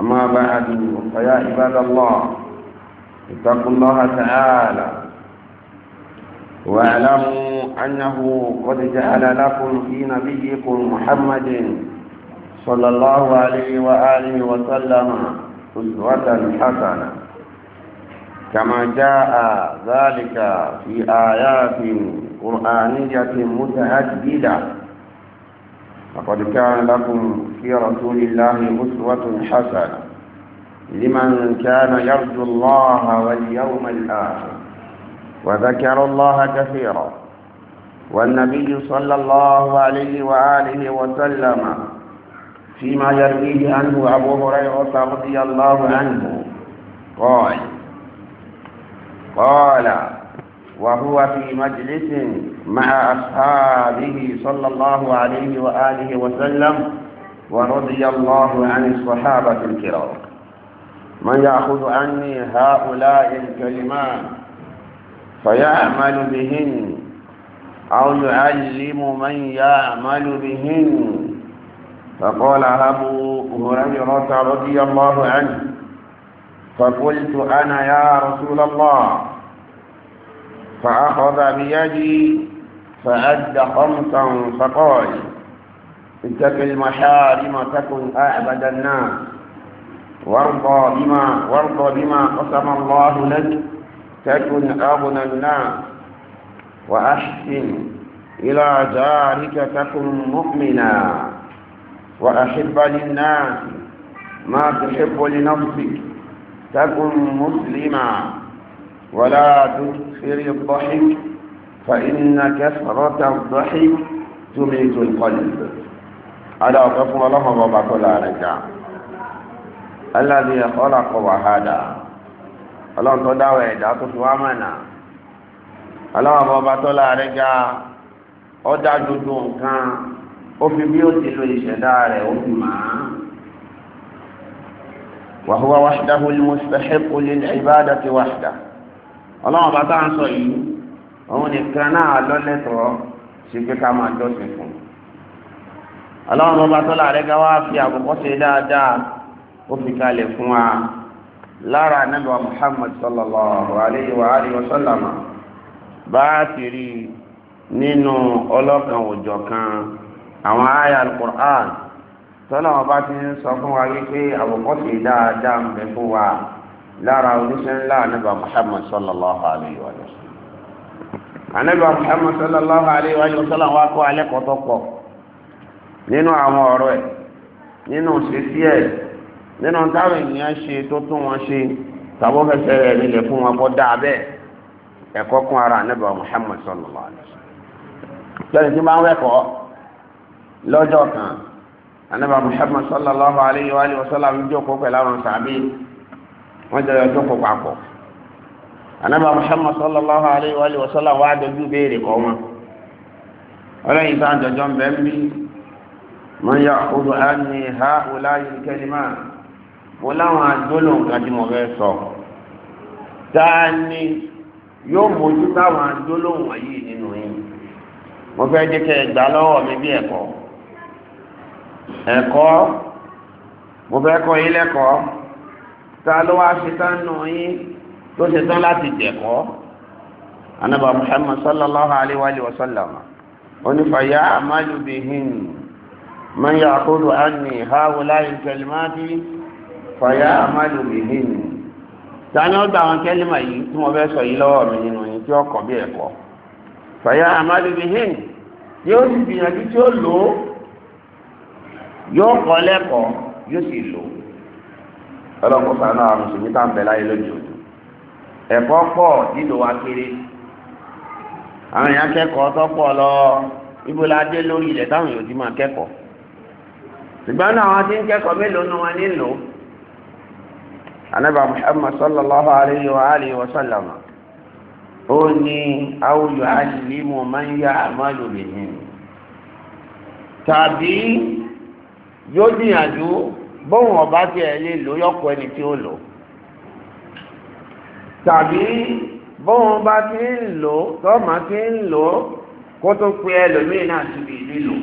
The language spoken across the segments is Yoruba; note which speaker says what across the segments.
Speaker 1: أما بعد فيا عباد الله اتقوا الله تعالى واعلموا أنه قد جعل لكم في نبيكم محمد صلى الله عليه وآله وسلم أسوة حسنة كما جاء ذلك في آيات قرآنية متعددة لقد كان لكم في رسول الله أسوة حسنة لمن كان يرجو الله واليوم الآخر وذكر الله كثيرا والنبي صلى الله عليه وآله وسلم فيما يرويه عنه أبو هريرة رضي الله عنه قال قال وهو في مجلس مع أصحابه صلى الله عليه وآله وسلم ورضي الله عن الصحابة الكرام من يأخذ عني هؤلاء الكلمات فيعمل بهن أو يعلم من يعمل بهن فقال أبو هريرة رضي الله عنه فقلت أنا يا رسول الله فأخذ بيدي فأد خمسا فقال اتق المحارم تكن أعبد الناس وارضى بما وارضى بما قسم الله لك تكن أغنى الناس وأحسن إلى جارك تكن مؤمنا وأحب للناس ما تحب لنفسك تكن مسلما ولا تكثر الضحك فإن كثرة الضحك تميت القلب على قفر الله وبطل لك الذي خلق وهدى ọlọ́run tó dáwọ̀ ẹ̀dá tó fi wá mọ̀nà ọlọ́run ọba tó láàrin ga ó dá dúdú وهو وحده المستحق للعبادة وحده ọlọ́run bá tá à ń sọ yìí òun nìkan náà lọ́lẹ́tọ̀ọ́ sí pé ká máa jọ́sìn fún un ọlọ́run ọba tó láàrẹ́ ká wá fi àkókò ṣe dáadáa ó fi kalẹ̀ fún wa lára anábà Muhammad sallallahu alayhi wa alihi wa bá a ti rí nínú ọlọ́kan òjọ̀ kan àwọn àyà alukur'an tọ́lá ọba ti ń sọ fún wa wípé àkókò ṣe dáadáa ń bẹ fún wa lára oníṣẹ́ ńlá anábà muhammad sallallahu alayhi wa sallam anábà muhammad sallallahu alayhi wa sallam wa kọ́ alẹ́ kọ́tọ́ pọ̀ nínú àwọn ọ̀rọ̀ ẹ̀ nínú ṣíṣí ẹ̀ nínú táwọn ènìyàn ṣe tó tún wọn ṣe tàbó fẹsẹ̀ rẹ̀ nílẹ̀ fún wọn kọ́ dáa bẹ́ẹ̀ ẹ̀kọ́ kún ara anábà muhammad sallallahu alayhi wa sallam lẹ́yìn tí wọ́n wẹ́kọ̀ọ́ lọ́jọ́ kan anábà muhammad sallallahu alayhi wa sallam jókòó pẹ̀lú àwọn sàbí wọ́n jẹ́ ọjọ́ kó papọ̀ anábà muhammad sallallahu alayhi wa sallam wá dojú béèrè kọ́ wọn ọlọ́yin tá à jọjọ́ ń bẹ́ ń bí
Speaker 2: man ya'khudhu
Speaker 1: anni ha'ula'i al sọ tá ni yóò mójú táwọn àdólóhùn wọ̀nyí nínú yín mo fẹ́ jẹ́ kẹ́ ẹ gbà lọ́wọ́ mi ta ló wá ṣetán nù yín tó ṣetán láti jẹ̀kọ́ anaba muhammad sallallahu alayhi wa sallam onífàyà amalubihin man yaqulu anni hawulayi kalimati fàyà amalubihin tani ó gba àwọn kẹlima yìí tí mo fẹ́ sọ yìí lọ́wọ́ mi nínú yìí tí ó kọ̀ bí ẹ̀kọ́ fàyà amalubihin yóò sì gbìyànjú tí ó lò yóò kọ́ lẹ́kọ̀ọ́ yóò sì lò ọlọ́pàá sànú àwọn mùsùlùmí tá à ń bẹ láyé lójú ẹ̀kọ́ pọ̀ nílò wa kéré àwọn èèyàn kẹ́kọ̀ọ́ tó pọ̀ lọ ibo la dé lórí ilẹ̀ táwọn yòó ti máa kẹ́kọ̀ọ́ ṣùgbọ́n náà àwọn tí ń kẹ́kọ̀ọ́ mélòó ni wọ́n nílò anábà Muhammad sallallahu alayhi wa alihi wa sallam ó ní awùjọ alìlímù máa ń yá àmàlù bìhìn tàbí yóò gbìyànjú bóun ọba tí ẹ lè lò yọkọ ẹni tí ó lò tàbí bóun bá ti ń lò tọ́mà ti ń lò kó tó pe ẹlòmíì náà síbi lílò.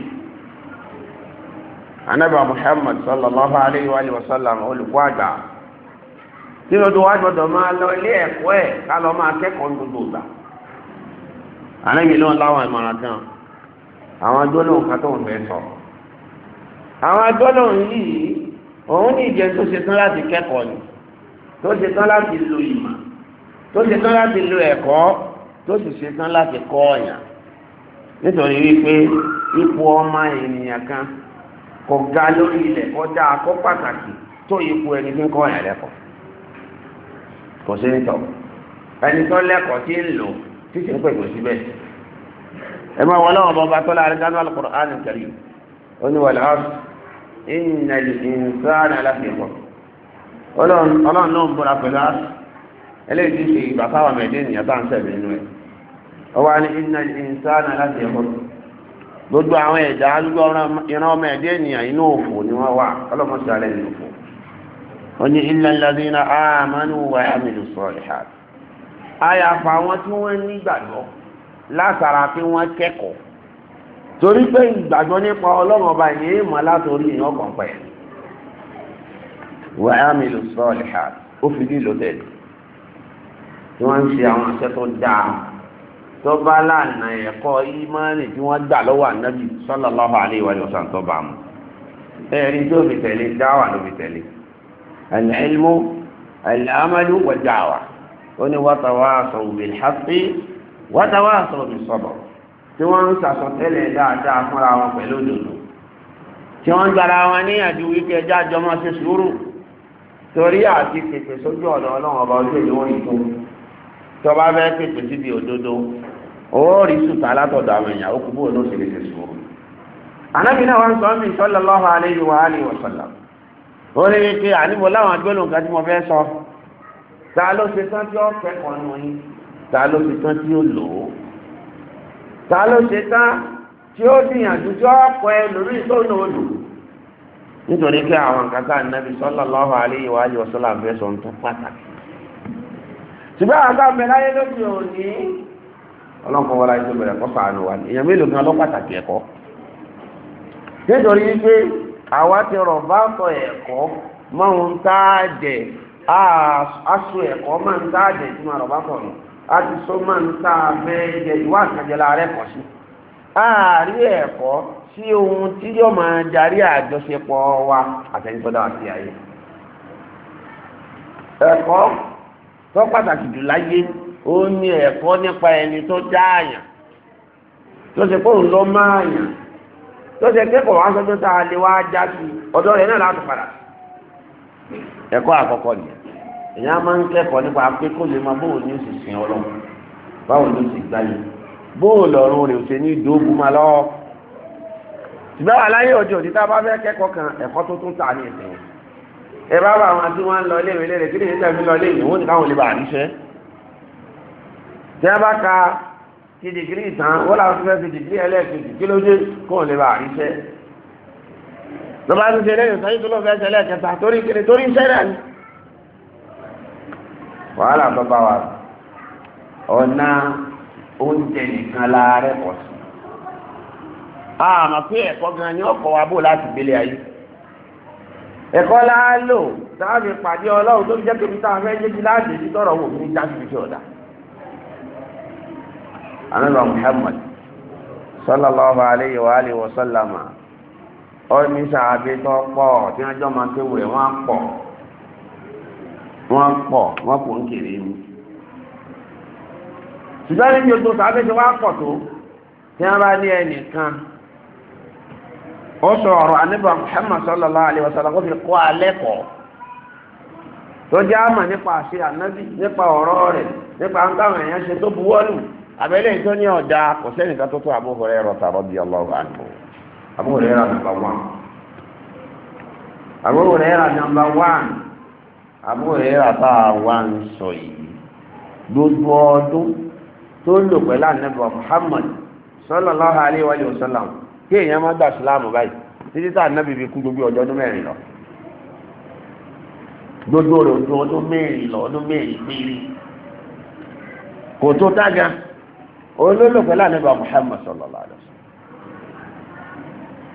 Speaker 1: anábà Muhammad sallallahu alayhi wa sallam olùkọ́ àgbà tí lọ́dún wá gbọ́dọ̀ máa lọ ilé ẹ̀kọ́ ẹ̀ ká máa kẹ́kọ̀ọ́ gbogbo ìgbà. náà láwọn ìmọ̀ràn kan àwọn òun ní ìjẹ tó ṣe tán láti kẹ́kọ̀ọ́ ni tó ṣe tán láti lo ìmọ̀ tó ṣe tán láti lo ẹ̀kọ́ tó sì ṣe tán láti kọ́ ọ̀yàn nítorí wípé ipò ọmọ ènìyàn kan kò ga lórí ilẹ̀ kọjá akọ́ pàtàkì tó ipò ẹni tí ń kọ́ ọ̀yàn lẹ́kọ̀ọ́ kò sí ní tọ̀ ẹni tó lẹ́kọ̀ọ́ tí ń lò tí sì ń pè kò síbẹ̀ ẹ máa wọlé ọ̀bọ̀n bá tọ́lá àríkánú Al-Qur'an Al-Karim ó ìnà ìsàn aláfihàn ọlọ́run náà ń bọ́ra pẹ̀lú àṣù eléyìí ti ṣe ìgbà táwọn mẹ́ẹ̀dé Ọ tá ni ìnà ìsàn aláfihàn gbogbo àwọn ẹ̀dá gbogbo ìran ọmọ ẹ̀dá ènìyàn inú òfò ni wọ́n wà ọlọ́mọ sí alẹ́ nínú òfò wọ́n ní wa amilu salihat àyàfà àwọn tí wọ́n látara pé wọ́n kẹ́kọ̀ọ́ torí pé ìgbàgbọ́ nípa ọlọ́run ọba yìí mọ̀ látòrí èèyàn kàn pẹ̀ wà á mi lò sọ ọ̀lẹ́hà ó fi lílo tẹ̀lé tí wọ́n ń ṣe àwọn àṣẹ tó dáa tó bá lànà ẹ̀kọ́ ìmọ̀ọ́nì tí wọ́n gbà lọ́wọ́ ànábì sallallahu alaihi wa sallam tó bá mu ẹ̀rí tó fi tẹ̀lé dáwà ló fi tẹ̀lé al-ilmu al-amalu ó ní wa tawasaw tí wọ́n ń sàsọtẹ́lẹ̀ dáadáa fúnra wọn pẹ̀lú òdòdó tí wọ́n ń gbára wọn níyànjú wípé ẹjá jọmọ́ ṣe sùúrù torí àti pèpè sójú ọ̀dọ̀ ọlọ́run ọba ojú èyí wọ́n yìí tó tí ọba fẹ́ pèpè síbi òdodo òórì sùtà látọ̀dọ̀ àwọn èèyàn ó kú bó ló ṣe lè ṣe sùúrù. ànábì náà wọn sọ mí sallallahu alaihi wa alihi wa sallam ó ní wípé àníbo láwọn agbélùn kan tí mo fẹ́ sọ ta ló ṣe tán tí ó kẹ́kọ̀ọ́ ta ló ṣe tán tí ó gbìyànjú tí ọ̀pọ̀ ẹ lórí ìtọ́nà olù nítorí pé àwọn nǹkan tá ànábi sallallahu alaihi wa alihi wasallam fẹ́ sọ tó pàtàkì ṣùgbọ́n àwọn tá bẹ̀rẹ̀ ayé lóde òní ọlọ́nkọ́ wọlé ayé tó bẹ̀rẹ̀ kọ́ wa ni èèyàn mélòó ló pàtàkì ẹ̀kọ́ nítorí pé àwa ti rọ̀ bá ma ẹ̀kọ́ mọ́ ohun tá a aṣọ ẹ̀kọ́ àti sọ́mọ́ ń tá a fẹ́ jẹ ìwà àkànjẹ́lá rẹ̀ pọ̀ sí ààrí ẹ̀kọ́ sí ohun tí yóò máa darí àjọṣepọ̀ wa àtẹnitọ́dá àti ayé ẹ̀kọ́ tó pàtàkì jù láyé ó ní ẹ̀kọ́ nípa ẹni tó já àyàn tó ṣe pé òun lọ máa yàn tó ṣe kẹ́kọ̀ọ́ wá sọ́jọ́ tá a lè wá já sí ọ̀dọ́ rẹ̀ náà láti padà ẹ̀kọ́ àkọ́kọ́ nìyẹn èyàn máa ń kẹ́kọ̀ọ́ nípa pé kó lè máa bóòlù ní ìsìn ọlọ́run báwo ló sì gbáyé bóòlù ọ̀run rẹ̀ ò ṣe ní ìdóògùn máa lọ́wọ́ ṣùgbọ́n aláyé òde òde tá a bá fẹ́ kẹ́kọ̀ọ́ kan ẹ̀kọ́ tó tún ta ní ẹ̀sìn yẹn ẹ bá bá àwọn tí wọ́n ń lọ ilé ìwé lẹ́rẹ̀ẹ́ kí ni ìṣẹ́ fi lọ ilé ìwé ní káwọn lè bá àríṣẹ́ tí a bá ka ti dìgírí ìtàn wọ́n làwọn fẹ́ fi dìgírí ẹlẹ́ẹ̀kejì kí ló dé kó lè bá àríṣẹ́ lọ́ba ti ṣe lẹ́yìn sọ́yìn tó lọ́ fẹ́ ṣẹlẹ̀ kẹta torí kiri torí iṣẹ́ ni wàhálà tó bá wà ọ̀nà oúnjẹ nìkan láàárẹ̀ pọ̀ sí. àmọ́ pé ẹ̀kọ́ gan ni ọkọ̀ wa bò láti gbélé ayé ẹ̀kọ́ la lò sáàbì pàdé ọlọ́run tó fi jẹ́ kébi tá a fẹ́ jẹ́bi láàdé sí tọrọ wò ní jáde fi ọ̀dà. Ànábì Muhammad sallallahu alayhi wa alihi wa sallama ọ̀mísà abẹ́tọ́ pọ̀ tí wọ́n jọ́ máa ń tẹ́wò rẹ̀ pọ̀. wọ́n pọ̀ wọ́n pọ̀ ń kéré mu ṣùgbọ́n níbi ojú sàbẹ̀ ṣe wá pọ̀ tó tí wọ́n bá ní ẹnìkan ó sọ ọ̀rọ̀ Muhammad sallallahu alayhi wa sallam kó fi kọ́ alẹ́ kọ́ tó jẹ́ àmà nípa àṣẹ ànábì nípa ọ̀rọ̀ rẹ̀ nípa èèyàn ṣe tó ní kò sẹ́nìkan tó tó nàmbà àbúrò rírà a ń sọ yìí gbogbo ọdún tó lò pẹ̀lú ànábọ̀ Muhammad sallallahu alaihi wa sallam kí èèyàn má gbà síláàmù báyìí títí tá ànábì fi kú gbogbo ọjọ́ ọdún mẹ́rin lọ gbogbo rẹ̀ ojú ọdún mẹ́rin lọ ọdún mẹ́rin péré kò tó dága olólò pẹ̀lú ànábọ̀ Muhammad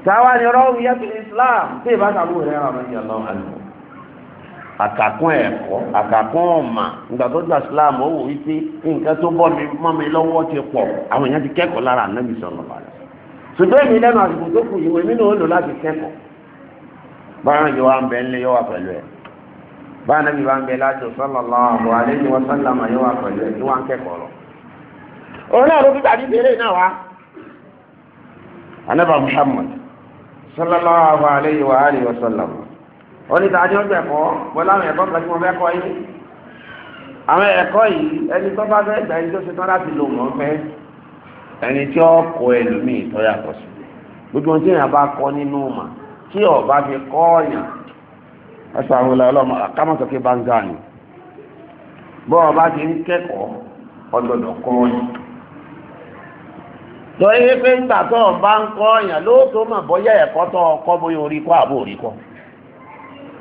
Speaker 1: táwa ni Islam tí rẹ̀ rà mọ́ àkàkún ẹ̀kọ́ àkàkún ọ̀mà nígbà tó gba Islam ó wò wípé nǹkan tó bọ́ mi mọ́ mi lọ́wọ́ ti pọ̀ àwọn èèyàn ti kẹ́kọ̀ọ́ lára ànábì sọ̀rọ̀ bàrẹ̀. ṣùgbọ́n èmi lẹ́nu àsìkò tó kù yìí èmi náà lò láti kẹ́kọ̀ọ́. báyọ̀ yìí wá ń bẹ nílé yóò wà pẹ̀lú ẹ̀. báyọ̀ náà bí wá ń bẹ láti sallallahu alaihi wa sallam yóò wà pẹ̀lú ẹ̀ tí wọ́n kẹ́kọ̀ọ́ lọ. òun náà ló fi gbàdí bèrè náà wá. anábà Muhammad sallallahu alaihi wa alihi wa sallam oníta ni ó gbẹ̀kọ́ pẹ̀lú àwọn ẹ̀kọ́ kan tí wọ́n fẹ́ kọ́ yín àwọn ẹ̀kọ́ yìí ẹni tó bá fẹ́ gbà ẹni tó ṣe tán láti lò wọ́n fẹ́ ẹni tí ó kọ ẹlòmíì tó yàtọ̀ sí gbogbo ohun tí èèyàn bá kọ́ nínú mà tí ọba fi kọ́ ọ̀yàn ẹ̀sọ́ àwọn ọlọ́ ọlọ́mọ àkámọ́sọ̀ kí báńgá ni bọ́ ọba ti ń kẹ́kọ̀ọ́ ọ̀dọ̀dọ̀ kọ́ ọ̀yàn torí pé ńgbà tó ọba ń kọ́ ọ̀yàn lóòótọ́ mà bọ́yá ẹ̀kọ́ tó ọkọ́ bóyá orí kọ́ àbó orí kọ́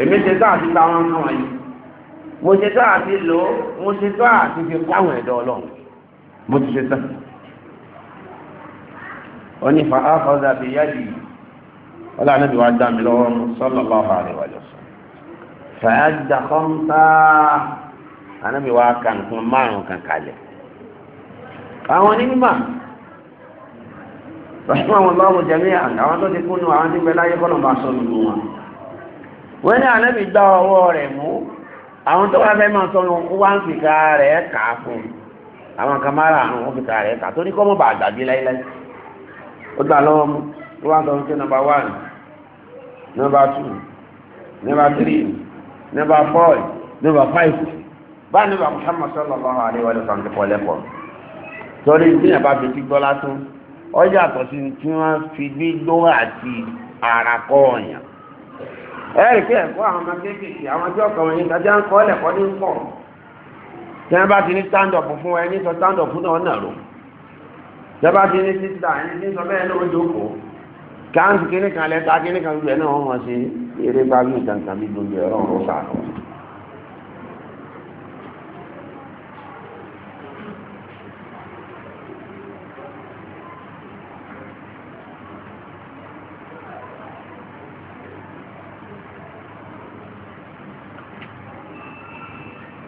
Speaker 1: èmi ṣe tó àti táwọn ń wọn yìí mo ṣe tó àti lò ó mo ṣe tó àti fi káwọn ẹ̀dọ́ ọlọ́run mo ti ṣe tán ó ní fa áfọ́dà bí yáàdì wọ́n láàánú bí wàá dá mi lọ́wọ́ sallallahu alaihi wa sallam fàájà kọ́ńtà ànábì wàá ka nǹkan márùn-ún kan àwọn onímọ̀ rahman allah jami'an àwọn tó ti kúnnú àwọn tí ń bẹ láyé kọ́nà bá sọ nínú wọn wọ́n ní ànábì gba ọwọ́ rẹ̀ mú àwọn tó wá fẹ́ máa sọ wọn wá ń fìkà rẹ̀ kà á fún un àwọn kan máa ra àrùn wọn fìkà rẹ̀ kà tó ní kọ́ mọ́ bàa gbàgbé láíláí ó gbà lọ́wọ́ mú ó wá ń sọ fún pé nọ́mbà one nọ́mbà two nọ́mbà three nọ́mbà four nọ́mbà five báyìí nọ́mbà Muhammad sallallahu alayhi wa sallam ti kọ́ lẹ́kọ̀ọ́ torí tí yàrá fi ti gbọ́ lásán ọjà àtọ̀sí tí wọ́n fi gbígbó àti àràkọ́ ọ̀yàn ẹ̀rì pé ẹ̀kọ́ àwọn ọmọ kéékèèké àwọn tí ọkọ̀ wọn yìí ń kọ́ ẹ̀lẹ́kọ́ ní ń tí wọ́n bá ti ní stand up fún ẹni sọ stand up náà nà ló tí wọ́n bá ti ní sísá ẹni tí sọ bẹ́ẹ̀ ló ń jókòó káńtì kíníkan lẹ́ta kíníkan gbẹ̀ náà wọ́n mọ̀ sí eré gbájú ìtàǹkà bí gbogbo ẹ̀rọ ọ̀rọ̀ sàkóso.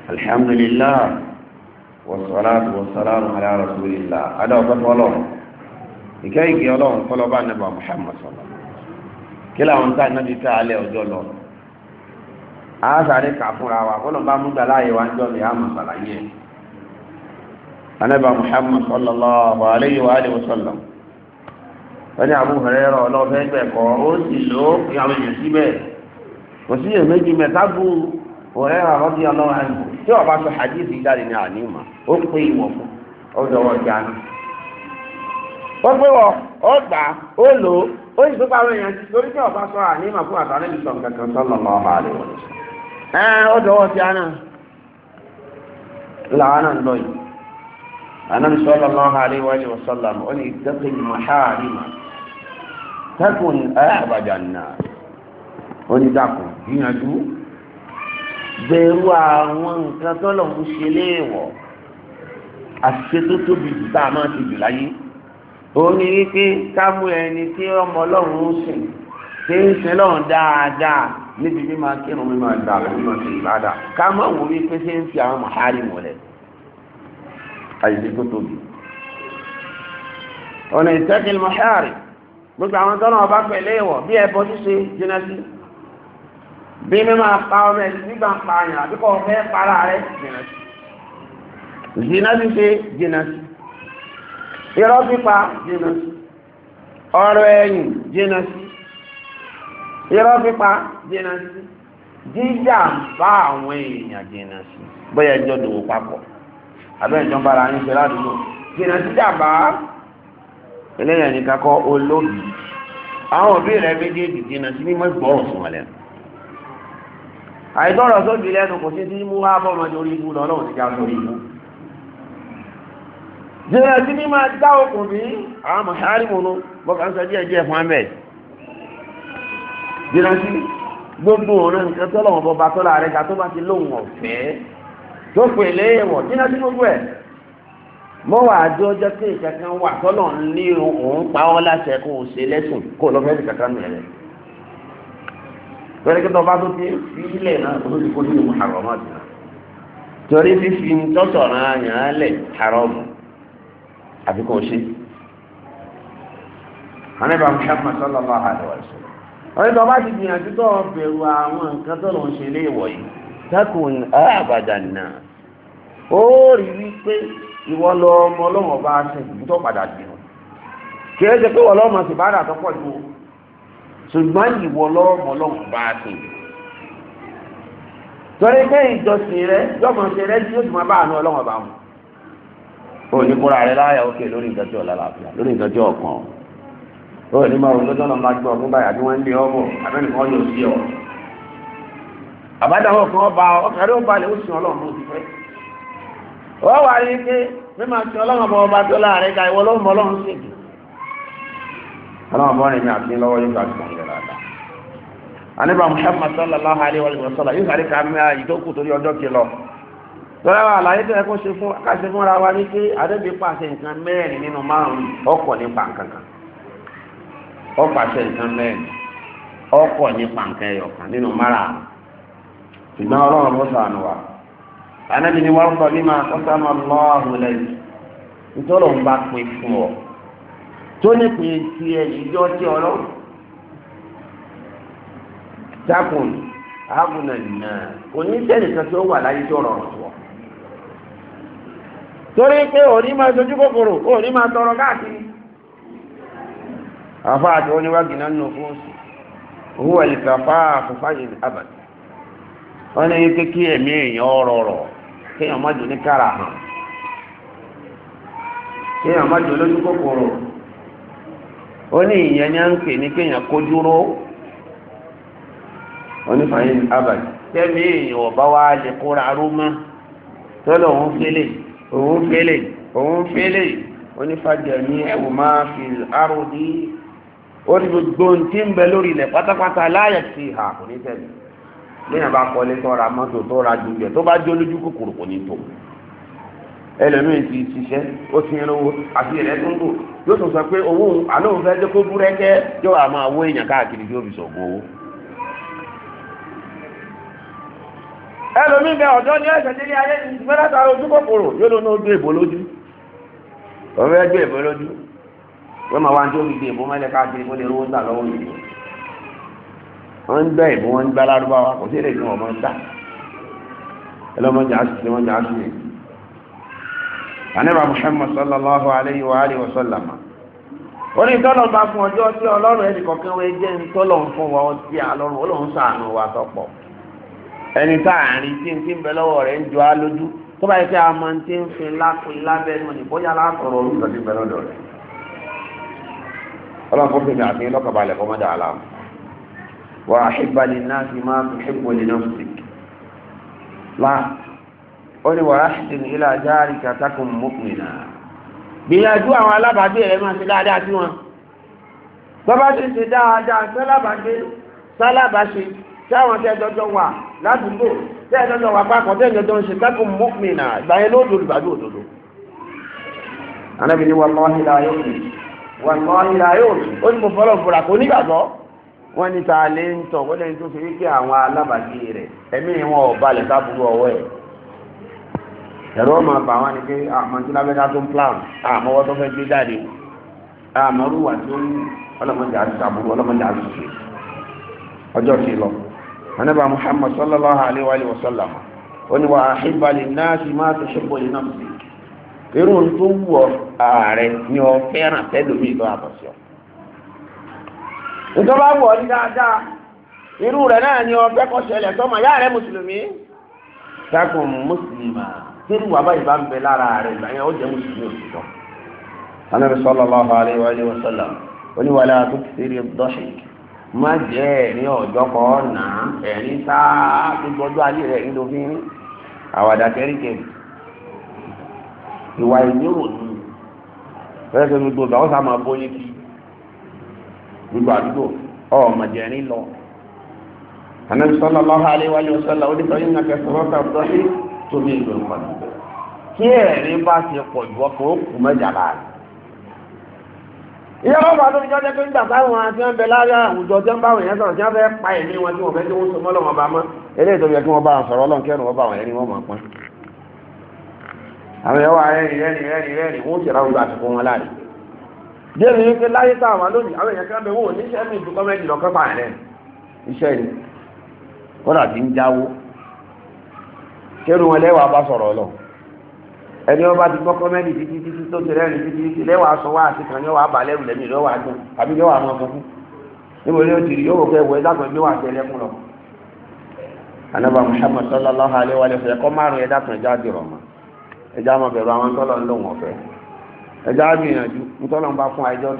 Speaker 1: الحمد لله والصلاة والسلام على رسول الله هذا هو الله ìkẹ́ ìgbé ọlọ́run kọ́ lọ́ba nípa Muhammad sọ̀rọ̀ kí làwọn tá iná bíi tá alẹ́ ọjọ́ lọ. a sáré kà fúnra wa kó ló ń bá mú gbà láàyè wá ń jọ lè hàmà sàlàyé ẹ̀. anábà Muhammad sallallahu alayhi wa alihi wa sallam. wọ́n ní Abu Hurairah ọlọ́fẹ́ gbẹ̀kọ́ ó sì lò ó kí àwọn èèyàn síbẹ̀. kò sí èméjì mẹ́ta bú ọ̀rẹ́ àwọn ọdí ọlọ́run àìbò. tí ọba sọ hadith yìí jáde ní àníwọ̀n ó pé ìwọ̀n fún ọdọ̀ wọn já ó pé wọ ó ó lò ó sì tó pàrọ̀ èèyàn torí tí ọba sọ àníwọ̀n fún àtàlẹ́ ìsọ̀ kankan sọ́nà lọ́wọ́ máa lè wọlé. ẹ ọdọ̀ wọn náà làwọn náà ń lọ yìí. النبي صلى الله عليه وآله bẹ̀rù àwọn nǹkan tọ́lọ̀ ń ṣe léèwọ̀ àṣìṣe tó tóbi jù tá a máa ti jù láyé òun ni wípé ká mú ẹni tí ọmọ ọlọ́run ń sìn tí ń sin lọ́run dáadáa níbi bí máa kírun mi máa dàgbà mi máa ṣe ìbáda ká má wò wípé ṣé ń fi àwọn màhárì wọlé àṣìṣe tó tóbi ọ̀nà ìtẹ́kìlì màhárì gbogbo àwọn tọ́lọ̀ ọba pẹ̀lẹ́ ìwọ̀ bí ẹbọ ṣíṣe jìnnà sí bí mi máa pa ọmọ ẹni nígbà ń pa àyàn àbí kọ́ fẹ́ para rẹ̀ jìnnà sí zina ṣíṣe jìnnà sí irọ́ pípa jìnnà sí ọ̀rọ̀ ẹ̀yìn jìnnà sí irọ́ pípa jìnnà sí jíjà bá àwọn èèyàn jìnnà sí bóyá ẹjọ́ dòwò papọ̀ abẹ́ ìjọba ara yín ṣe ládùúgbò jìnnà sí jàmbá eléyàn ní kakọ́ olóògbé àwọn òbí rẹ̀ méjèèjì jìnnà sí mímọ́ ìgbọ́ ọ̀sùn wọn lẹ́nu àìgbọ́rọ̀ sóbi lẹ́nu kò sí sí mú wá bọ́ ọmọdé orí ibú lọ́nà òsì ká sórí ibú. jìnnà sí ní máa dá okùn bí àwọn mọ̀ṣárì mọ̀nú bọ́kà ń sọ díẹ̀ díẹ̀ fún amẹ́ jìnnà sí gbogbo ọ̀nà nǹkan tó lọ́wọ́ bọba tó láàrẹ ga tó bá ti lóhùn ọ̀fẹ́ tó pè léèwọ̀ jìnnà sí gbogbo ẹ̀ mọ́wà àjọ ọjọ́ pé ìkankan wà tọ́lọ̀ ń lé òun pa ọ́ láṣẹ kó o ṣe lẹ́sùn kó o lọ fẹ́ẹ́ lórí kí tọ́ba tó ti fi ilẹ̀ náà tó ti kó nínú àrọ̀mọ́ ti náà torí fífi tọ́tọ̀ náà yàn án lẹ̀ àrọ̀mù àfi kò ṣe. àníbà Muhammad sallallahu alaihi wa sallam. ọ̀rẹ́ tọ́ba ti gbìyànjú tó bẹ̀rù àwọn nǹkan tó lọ́n ṣe léèwọ̀ yìí takùn àbàdàn náà ó rí wípé ìwọ lọ ọmọ ọlọ́wọ́n bá ṣe ìbútọ́ padà dì í kí ẹ ṣe pé wọ́n lọ́mọ sì bá dà tó pọ̀ ju ṣùgbọ́n ìwọ lọ́mọ lọ́mọ bá a ti. torí pé ìjọsìn rẹ yọmọ ṣe rẹ tí yóò tún máa bá àánú ọlọ́mọ bá mu. o ní kóra rẹ láyà òkè lórí nǹkan tí ọ̀la làbíà lórí nǹkan tí ọ̀kan o ní máa ronú tọ́nà máa gbọ́ fún báyà tí wọ́n ń lé ọmọ abẹ́nìkan yóò sí ọ. àbádáwọ̀ kan ọba ọkàrẹ́ ó balẹ̀ ó sin ọlọ́run ló ti fẹ́. ó wà ní pé mímọ̀ sin ọlọ́run ọba anibà muhammad sallallahu alayhi wa sallam yóò sáré ká mẹ́ra ìdókù torí ọjọ́ kí lọ. tọ́lá wa àlàyé tó yẹ kó ṣe fún akáṣe fúnra wa ní pé adébí pàṣẹ nǹkan mẹ́rin nínú márùn-ún ọkọ̀ nípa nǹkan kan ọpàṣẹ nǹkan mẹ́rin ọkọ̀ nípa nǹkan ẹ̀yọ̀kan nínú márùn-ún ṣùgbọ́n ọlọ́run ló sànù wa. anábì ni wọ́n sọ níma kọ́sámọ́ lọ́ọ̀hún lẹ́yìn nítorí òun bá pè fún ọ tó ní pè tiẹ̀ ìjọ tí ọlọ́run dákun àbùnà náà oníṣẹ́ni kan tí ó wà láyé tó rọrùn tó. torí pé òní máa dojú kòkòrò òní máa tọrọ káàkiri. àfa àti oníwájú náà nù fún oṣù owó ẹ̀lìkàfà àfọ̀fáyé abàdì. wọ́n ní kékeré ẹ̀mí èèyàn rọrọ̀ kéèyàn má dùn ní kára hàn kéèyàn má dùn lójú kòkòrò ó ní ìyẹn à ń pè onífàyín abàjì tẹ́mi èèyàn ọ̀bá wa lè kóra aró mọ́ tọ́lọ̀ òun fele òun fele òun fele onífàjẹ́ ní ẹ̀wò máa fi aró dí orí gbogbo ntí ń bẹ lórí ilẹ̀ pátápátá láyà sí ìhà kò ní tẹ̀lé lẹ́yìn bá kọ́lé tọ́ra mọ́tò tọ́ra dùgbẹ̀ tó bá jó lójú kòkòrò kò ní tó ẹlòmíì ti ṣiṣẹ́ ó ti ń lówó àti ìrẹ́ tó ń bò yóò tún sọ pé owó àlóhùn fẹ́ dé kó búrẹ́kẹ́ yóò àmọ́ àwọ èèyàn káàkiri yóò fi sọ̀gbọ́n owó. ẹlòmí bẹ ọ̀dọ́ ní ẹ̀sẹ̀ délé ayé ìgbẹ́ látara ojú kòkòrò yóò lóun ó gbé ìbò lójú òun fẹ́ gbé ìbò lójú wọ́n máa wá ní tó fi gbé ìbò mẹ́lẹ̀ káàkiri kó lè rówó gbà lọ́wọ́ ìbò wọ́n ń gbẹ́ ìbò wọ́n ń gbá lárúbáwá kò sí èdè tí wọ́n máa ń tà ẹlọ́mọdé àṣìṣe wọ́n jẹ́ àṣìṣe. àníbà Muhammad sallallahu alayhi wa alihi wa sallam orí tọ́lọ̀ bá fún ọjọ́ tí ọlọ́run ẹnì kọ̀ọ̀kan wọ́n jẹ́ ń tọ́lọ̀ fún wa ọtí àlọ́run ọlọ́run ṣàánú ẹni tá à ń rí tí ń tí ń bẹ lọ́wọ́ rẹ̀ ń jọ á lójú tó bá yẹ kí a máa ń tí ń fi lápin lábẹ́nu ni bóyá látọ̀rọ̀ olùkọ́ ti bẹ lọ́dọ̀ rẹ̀. ọlọ́run kò fèmí àti lọ́kàbalẹ̀ kọ́ mọ́dà aláàmù. wà á ṣíbà lè náà fi máa fi ṣíbò lè náà fi. la ó ní wàrà ṣìṣe ní ilé ajá àríkà tákùn mọ́kùnrinà. gbìyànjú àwọn alábàágbé rẹ̀ máa ṣe dáadáa sí wọn. bàbá ṣe ṣe dáadáa sálábàáṣe sálábàáṣe sáwọn tẹ́jọ́jọ́ wà ládùúgbò tẹ́ ẹ̀ lọ́jọ́ wà papọ̀ tẹ́ ẹ̀ lọ́jọ́ ń ṣe kẹ́kọ̀ọ́ mọ́kùnrin náà ìgbà yẹn lóòótọ́ olùgbàdo òdodo. anábìíní wà lọ́ọ́ hílà yóò fi wà lọ́ọ́ hílà yóò fi ó ní mo fọ́lọ́ fura kò nígbàgbọ́. wọ́n ní ta lé ń tọ̀ wọ́n lẹ́yìn tó fi wípé àwọn alábàágbé rẹ̀ ẹ̀mí wọn ò balẹ̀ sábúrú ọwọ́ ẹ̀. ẹ̀rọ máa bà wọ́n ni pé àmọ́tílábẹ́dá ah, tó ń plan àmọ́wọ́ ah, tó fẹ́ gbé jáde àmọ́rúwà ah, tó ń ọlọ́mọdé àti sábúrú ọlọ́mọdé àti ṣe ọjọ́ ti lọ anaba muhammad sallallahu alaihi wa sallam ó ní wa ahibba linnasi ma tuhibbu li nafsik irun tó wù ọ́ ààrẹ ni ọ fẹ́ràn tẹ́lómi ìtọ́ àtọ̀síọ́ ìjọba wọ̀ ọ́ dáadáa irú rẹ̀ náà ni ọ fẹ́ kọ́ ṣẹlẹ̀ tọ́mọ yá rẹ̀ mùsùlùmí takùn mùsùlùmá tẹ́lú wàá báyìí bá ń bẹ lára rẹ̀ ìgbàyẹn ó jẹ́ mùsùlùmí òtítọ́ anabi sallallahu alaihi wa sallam ó ní wàlá tó kìí má jẹ́ ẹ̀rín ọ̀jọ́ kọ́ ọ̀nà ẹ̀rín sáá gbogbo ọjọ́ ayé rẹ̀ ní lófin rí àwàdà kẹ́ríkẹ́ ìwà ìnírò ni fẹ́rẹ́fẹ́ gbogbo ọ̀gá ọ̀sà máa bóyé kí gbogbo àdúgbò ọ̀mọ̀jẹ̀rín lọ. Ànábì sallallahu alaihi wa sallam onífẹ́ yín nàkẹ́ sọ̀rọ̀ kà tó ní ìlú ìpàdé. Kí ẹ̀rín bá ti pọ̀ jù ọkọ̀ ó mẹ́jà láàrin ìyá wọn bá lórí jọjọ pé ń gbàgbá wọn àti wọn bẹ lára àwùjọ tí wọn bá wọn yẹn sọ̀rọ̀ tí wọn fẹẹ pa ẹ̀mí wọn tí wọn fẹẹ tí wọn sọmọ lọ́wọ́ bá mọ eléyìí tó yẹ kí wọn bá wọn sọ̀rọ̀ Ọlọ́run kẹrin wọn bá wọn yẹn ni wọn mọ pọn. àwọn ẹwà rẹrìn rẹrìn rẹrìn rẹrìn wọn ti ra wọn àtìkú wọn láàrin. díẹ̀ nínú pé láyé tá a wà lónìí àwọn èèyàn kan bẹ wọn ò níṣẹ́ mi ju kọ́mẹ́tì lọ́kọ́ pa rẹ̀ iṣẹ́ ni kódà ti ń jáwó kẹrù wọn lẹ́wọ̀ ẹni wọn bá ti gbọ́ kọ́mẹ́dì títí títí tó ti rẹ́rìn títí títí lẹ́wàá sọ wá àti kan ní ọwọ́ abalẹ̀ rù lẹ́mí lọ́wọ́ àbí lọ́wọ́ àwọn ọmọ níbo ni ó ti rí yóò fẹ́ wọ ẹ̀dá kan gbéwà tẹ́lẹ̀ fún lọ. anaba sallallahu alayhi wa sallam márùn kan ma. àwọn tọ́lọ̀ ń lò wọ́n fẹ́ gbìyànjú ntọ́lọ̀ ń bá fún àìjọ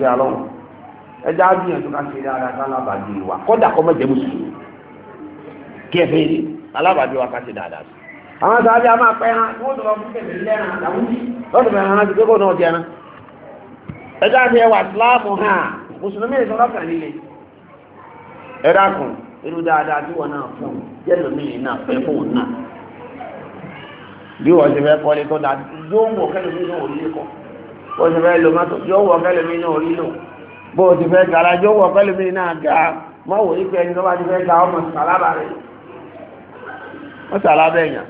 Speaker 1: gbìyànjú ká ṣe àwọn sábẹ́ a máa pẹ́ hàn wọ́n tó lọ fún kẹ̀mí lẹ́ràn àtàwọn yìí lọ́dún mẹ́rin hàn sí kékòó náà jẹ́ náà ẹjọ́ àti ẹwà síláàmù hàn mùsùlùmí ìsọ̀rọ̀ kan nílé ẹ dákun irú dáadáa tí wọn náà fún yẹlò mí náà fẹ́ fún òun náà bí wọ́n ṣe fẹ́ kọ́lé tó bó ṣe fẹ́ lo mọ́tò yóò wọ̀ kẹ́lòmí náà ò nílò bó ṣe ẹni tó bá ti fẹ́ ga ọmọ sàlábà rẹ̀ wọ́n ẹ̀yàn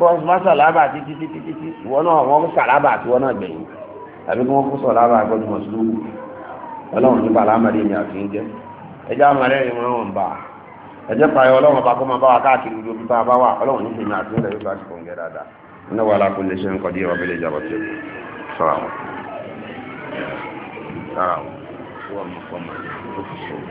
Speaker 1: bọ́ ọ má sàlábà títí títí títí ìwọ náà wọ́n mú sàlábà àti wọ́n náà gbẹ̀yìn tàbí kí wọ́n kó sàlábà àgbọ̀dù mọ̀sùlùmù ọlọ́run nípa àlámàdé ni àfi ń jẹ́ ẹjẹ́ àmàlẹ́ ìmọ̀ náà ń bà á ẹjẹ́ pààyọ ọlọ́run bá kó máa bá wa káàkiri ojú bí bá wà ọlọ́run ní tèmi àti ìrẹ̀lẹ́ bá ti kò ń gẹ́ dáadáa iná wà lákò lè ṣe ń kọjú ìwà bẹ́lẹ̀ ìjàbọ̀ tí ó sọ̀rọ̀ àwọn sọ̀rọ̀ àwọn wọ́n mọ̀ kọ́ mọ̀ ó ti sọ̀rọ̀.